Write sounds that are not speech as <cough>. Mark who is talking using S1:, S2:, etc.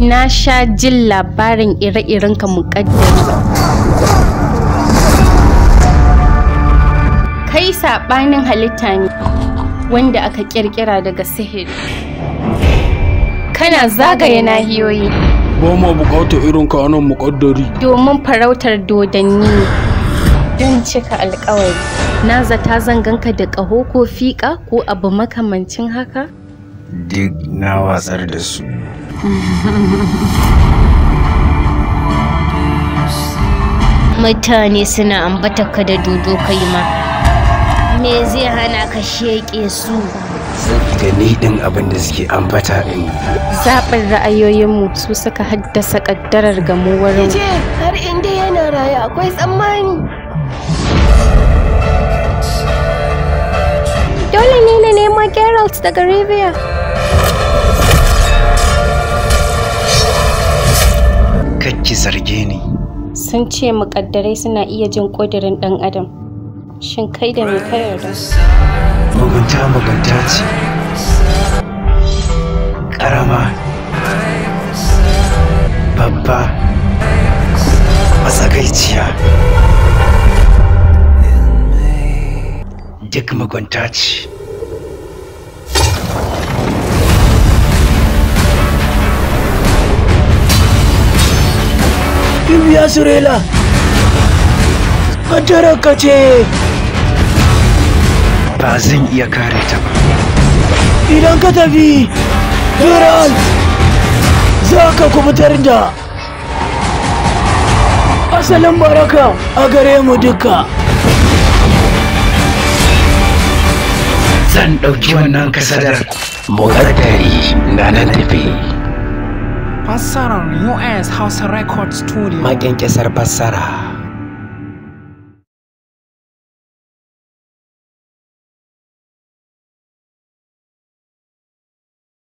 S1: na sha jin labarin ire-iren ka kai saɓanin halitta ne wanda aka ƙirƙira daga sihiri kana zagaye nahiyoyi
S2: ba ma buƙatar irin ka anan
S1: domin farautar dodanni don cika alkawari na zata zanganka da ƙaho ko fiƙa ko abu makamancin haka
S2: duk na watsar da su
S1: <laughs> Mutane suna ambata ka da dodo kai ma. Me zai hana ka sheƙe su?
S2: Saboda ni din abin da suke ambata ɗin.
S1: Zaɓin ra'ayoyinmu su suka haddasa ƙaddarar gamuwar mu. har inda yana raya akwai tsammani. Dole ne na neman Geralt daga Rivia.
S2: ki zarge ni
S1: sun ce mukaddarai suna iya jin ƙudurin ɗan adam shin kai da me ka yarda
S2: mugunta mugunta ce ƙarama babba matsakaiciya duk mugunta ce Kibiya Surela, ka ce. Ba zan iya kare ta ba. Idan ka tafi, Geralt, za ka kubutar da asalin baraka a gare mu duka. Zan ɗauki wannan kasadar muƙaddari na nan tafi. Fassarar US House Record Studio. Maƙyanƙyasar fassara.